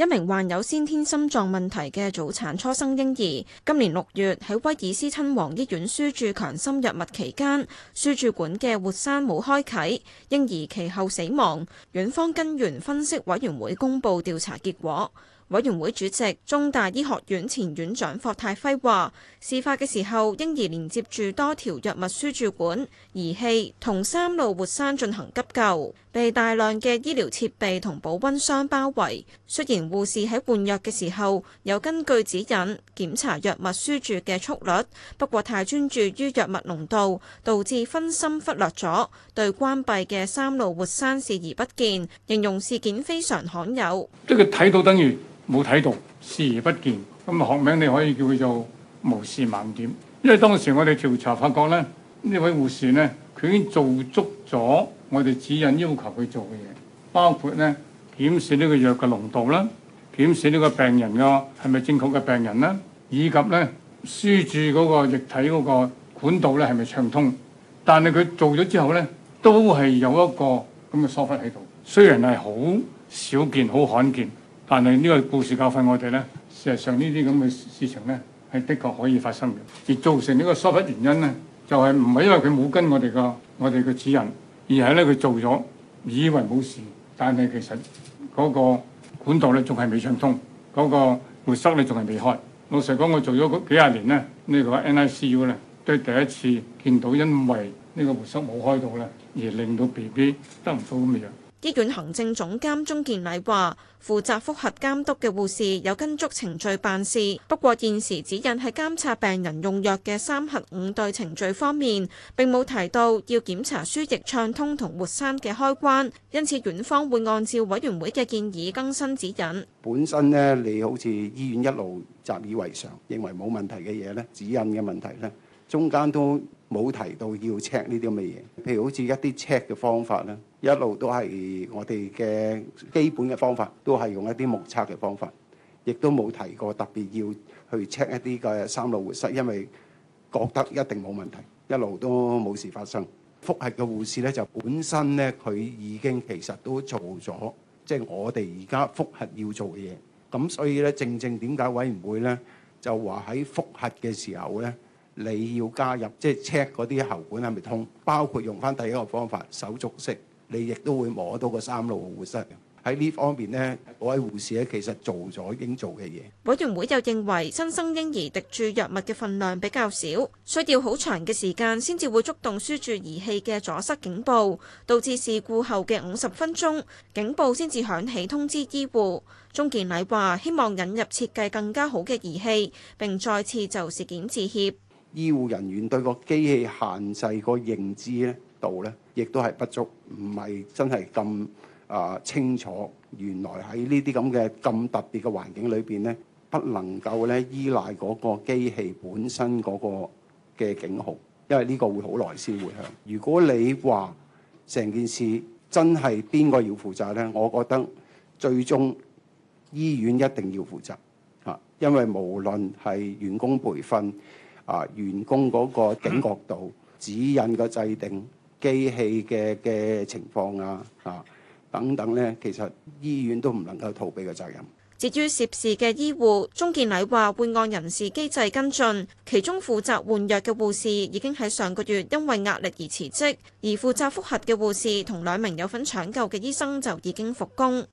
一名患有先天心臟問題嘅早產初生嬰兒今年六月喺威爾斯親王醫院輸注強心藥物期間，輸注管嘅活栓冇開啟，嬰兒其後死亡。院方根源分析委員會公布調查結果，委員會主席中大醫學院前院長霍泰輝話事發嘅時候，嬰兒連接住多條藥物輸注管、儀器同三路活栓進行急救。被大量嘅醫療設備同保温箱包圍，雖然護士喺換藥嘅時候有根據指引檢查藥物輸注嘅速率，不過太專注於藥物濃度，導致分心忽略咗對關閉嘅三路活栓視而不見，形容事件非常罕有。即係佢睇到等於冇睇到，視而不見，咁學名你可以叫佢做無視盲點。因為當時我哋調查發覺咧，呢位護士咧佢已經做足咗。我哋指引要求佢做嘅嘢，包括咧檢視呢個藥嘅濃度啦，檢視呢個病人嘅係咪正確嘅病人啦，以及咧輸注嗰個液體嗰個管道咧係咪暢通。但係佢做咗之後咧，都係有一個咁嘅疏忽喺度。雖然係好少見，好罕見，但係呢個故事教訓我哋咧，事實上呢啲咁嘅事情咧係的確可以發生嘅。而造成呢個疏忽原因咧，就係唔係因為佢冇跟我哋個我哋嘅指引。而係咧，佢做咗以為冇事，但係其實嗰個管道咧仲係未暢通，嗰、嗰個活塞咧仲係未開。老實講，我做咗嗰幾廿年咧，呢個、呢個 NICU 咧都第一次見到，因為呢個活塞冇開到咧，而令到 BB 得唔到咁嘅樣。醫院行政總監鍾健禮話，負責複核監督嘅護士有跟足程序辦事，不過現時指引係監察病人用藥嘅三核五對程序方面，並冇提到要檢查輸液暢通同活栓嘅開關，因此院方會按照委員會嘅建議更新指引。本身呢，你好似醫院一路習以為常，認為冇問題嘅嘢咧，指引嘅問題咧。中間都冇提到要 check 呢啲咁嘅嘢，譬如好似一啲 check 嘅方法啦，一路都係我哋嘅基本嘅方法，都係用一啲目測嘅方法，亦都冇提過特別要去 check 一啲嘅三路活栓，因為覺得一定冇問題，一路都冇事發生。複核嘅護士咧，就本身咧佢已經其實都做咗，即係我哋而家複核要做嘅嘢，咁所以咧正正點解委員會咧就話喺複核嘅時候咧，你要加入即係 check 嗰啲喉管係咪通，包括用翻第一個方法手足式，你亦都會摸到個三路活栓。喺呢方面咧，嗰位護士咧其實做咗應做嘅嘢。委員會又認為新生嬰兒滴注藥物嘅分量比較少，需要好長嘅時間先至會觸動輸注儀器嘅阻塞警報，導致事故後嘅五十分鐘警報先至響起通知醫護。鍾健禮話：希望引入設計更加好嘅儀器，並再次就事件致歉。醫護人員對個機器限制個認知咧度咧，亦都係不足，唔係真係咁啊清楚。原來喺呢啲咁嘅咁特別嘅環境裏邊咧，不能夠咧依賴嗰個機器本身嗰個嘅警號，因為呢個會好耐先會響。如果你話成件事真係邊個要負責呢，我覺得最終醫院一定要負責嚇，因為無論係員工培訓。啊！員工嗰個警覺度，指引嘅制定，機器嘅嘅情況啊啊等等呢，其實醫院都唔能夠逃避嘅責任。至於涉事嘅醫護，鍾健禮話會按人事機制跟進，其中負責換藥嘅護士已經喺上個月因為壓力而辭職，而負責複核嘅護士同兩名有份搶救嘅醫生就已經復工。